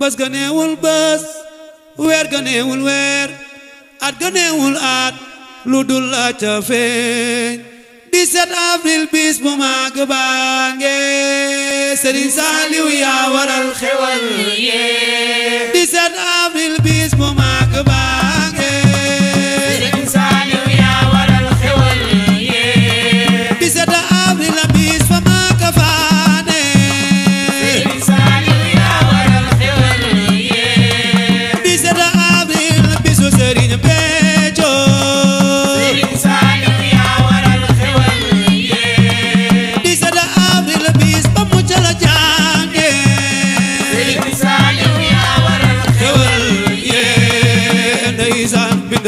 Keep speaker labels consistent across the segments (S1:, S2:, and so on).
S1: bés ga neewul bés weer ga neewul weer at ga neewul at lu dul la ca feeñ 17 avril bis bu màgg baa nge Serigne Saliou yaa waral xewal yee 17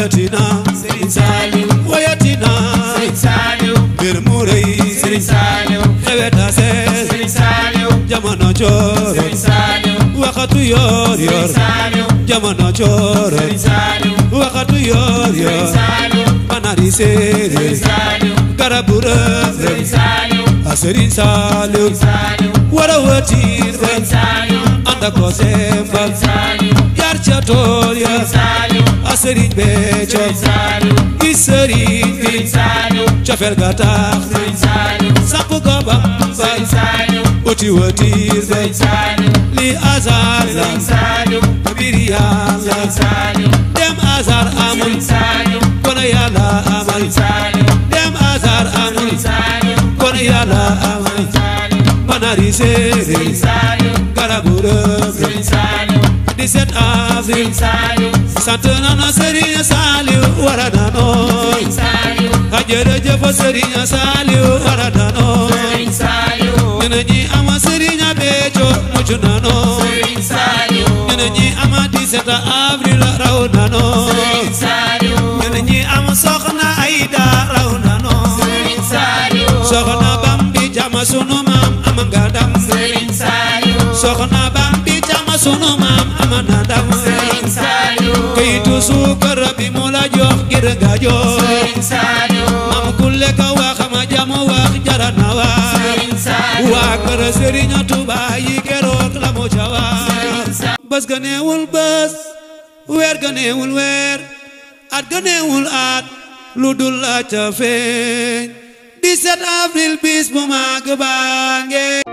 S1: màggatina Serigne Saliou woyatina Serigne Saliou mbir mu rëy Serigne Saliou xewetase Serigne Saliou jamono coor Serigne Saliou waxatu yor yor Serigne Saliou jamono coor Serigne Saliou waxatu yor yor Serigne Saliou banari séeréer Serigne Saliou garabu rëb Serigne Saliou a Serigne Saliou wara wëtir Serigne Saliou anda ko sembal Serigne Saliou yar ca tool ya sëriñ Béthio di sëriñ bi cofeel ga tax sapp ko bambal uti watiir be li azar la mbir yàlla dem azar amul kon yàlla amal dem azar amul kon yàlla amal manari séeréer garabu rëb 17 avril sant nana Serigne Saliou wara nanoo ka jërëjëf Serigne Saliou wara nanoo ñene ñi ama Serigne Béthio mucc nanoo ñene ñi ama 17 avril raw nanoo ñene ñi ama soxna Aïda raw nanoo soxna Bambi jama sunu maam ama nga dam soxna Bambi jama sunu maam ama na dam suukar bi mu la jox ngir nga jox Serigne Saliou mam ku lekk wax ma jam wax jara na wax Serigne Saliou waa kër Serigne Touba yi la mu ca wax bés ga weer ga weer at ga neewul lu dul la ca feeñ 17 avril bis bu mag baa ngeen